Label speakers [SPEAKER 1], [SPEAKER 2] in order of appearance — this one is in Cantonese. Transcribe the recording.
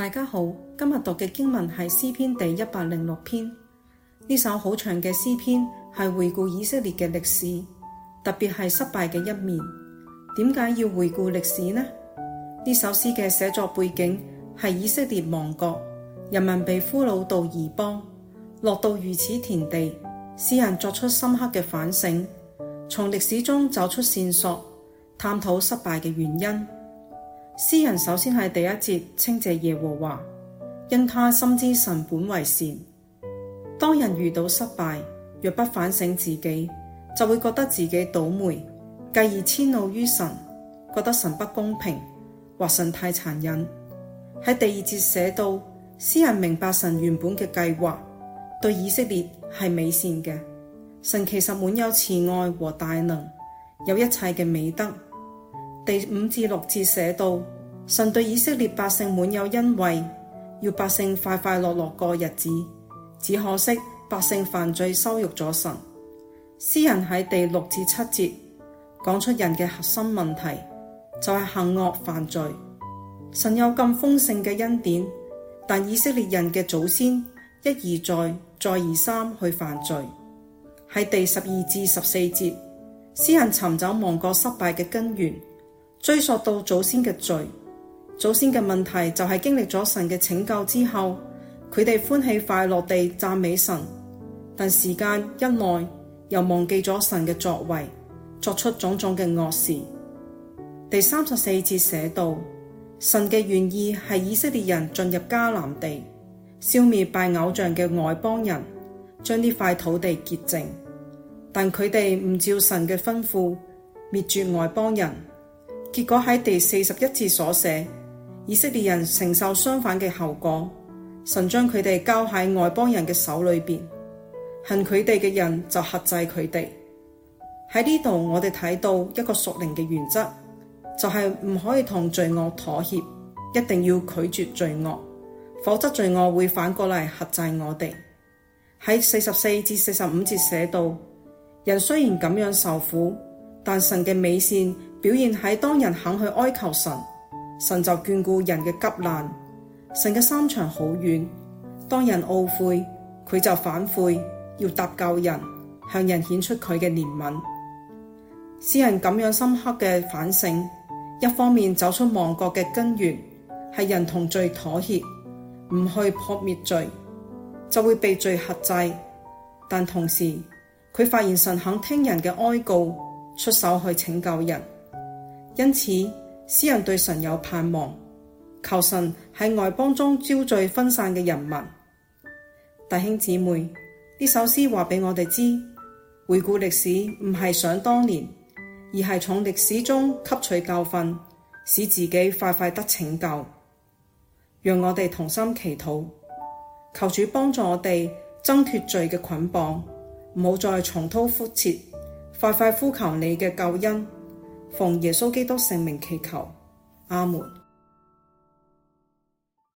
[SPEAKER 1] 大家好，今日讀嘅經文係詩篇第一百零六篇。呢首好長嘅詩篇係回顧以色列嘅歷史，特別係失敗嘅一面。點解要回顧歷史呢？呢首詩嘅寫作背景係以色列亡國，人民被俘虜到異邦，落到如此田地，詩人作出深刻嘅反省，從歷史中找出線索，探討失敗嘅原因。詩人首先喺第一節稱謝耶和華，因他深知神本為善。當人遇到失敗，若不反省自己，就會覺得自己倒霉，繼而遷怒於神，覺得神不公平或神太殘忍。喺第二節寫到，詩人明白神原本嘅計劃對以色列係美善嘅，神其實滿有慈愛和大能，有一切嘅美德。第五至六節寫到，神對以色列百姓滿有恩惠，要百姓快快樂樂過日子。只可惜百姓犯罪羞辱咗神。詩人喺第六至七節講出人嘅核心問題就係行惡犯罪。神有咁豐盛嘅恩典，但以色列人嘅祖先一而再，再而三去犯罪。喺第十二至十四節，詩人尋找亡國失敗嘅根源。追溯到祖先嘅罪，祖先嘅問題就係經歷咗神嘅拯救之後，佢哋歡喜快樂地讚美神，但時間一耐，又忘記咗神嘅作為，作出種種嘅惡事。第三十四節寫道，神嘅原意係以色列人進入迦南地，消滅拜偶像嘅外邦人，將呢塊土地潔淨，但佢哋唔照神嘅吩咐滅絕外邦人。結果喺第四十一節所寫，以色列人承受相反嘅後果，神將佢哋交喺外邦人嘅手裏邊，恨佢哋嘅人就轄制佢哋。喺呢度我哋睇到一個屬靈嘅原則，就係、是、唔可以同罪惡妥協，一定要拒絕罪惡，否則罪惡會反過嚟轄制我哋。喺四十四至四十五節寫到，人雖然咁樣受苦，但神嘅美善。表現喺當人肯去哀求神，神就眷顧人嘅急難。神嘅心腸好軟，當人懊悔，佢就反悔要搭救人，向人顯出佢嘅憐憫。詩人咁樣深刻嘅反省，一方面走出亡國嘅根源，係人同罪妥協，唔去破滅罪就會被罪轄制，但同時佢發現神肯聽人嘅哀告，出手去拯救人。因此，詩人對神有盼望，求神喺外邦中招聚分散嘅人民。弟兄姊妹，呢首詩話俾我哋知，回顧歷史唔係想當年，而係從歷史中吸取教訓，使自己快快得拯救。讓我哋同心祈禱，求主幫助我哋掙脫罪嘅捆綁，唔好再重蹈覆轍，快快呼求你嘅救恩。奉耶穌基督聖名祈求，阿門。